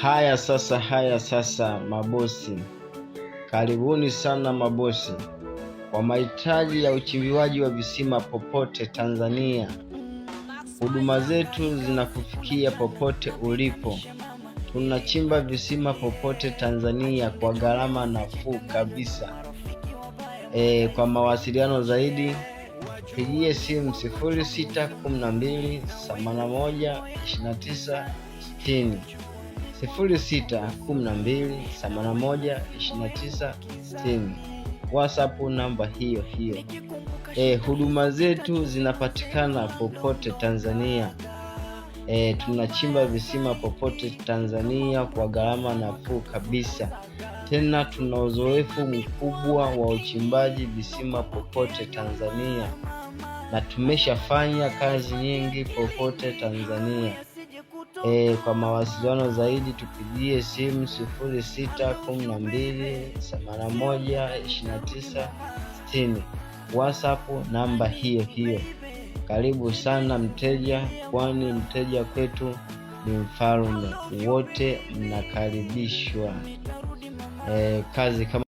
Haya sasa, haya sasa, mabosi, karibuni sana mabosi. Kwa mahitaji ya uchimbiwaji wa visima popote Tanzania, huduma zetu zinakufikia popote ulipo. Tunachimba visima popote Tanzania kwa gharama nafuu kabisa. E, kwa mawasiliano zaidi pigie simu 60. WhatsApp namba hiyo hiyo. E, huduma zetu zinapatikana popote Tanzania. E, tunachimba visima popote Tanzania kwa gharama nafuu kabisa. Tena tuna uzoefu mkubwa wa uchimbaji visima popote Tanzania, na tumeshafanya kazi nyingi popote Tanzania. E, kwa mawasiliano zaidi tupigie simu sifuri sita kumi na mbili themanini na moja ishirini na tisa sitini WhatsApp namba hiyo hiyo. Karibu sana mteja, kwani mteja kwetu ni mfalme. Wote mnakaribishwa. E, kazi kama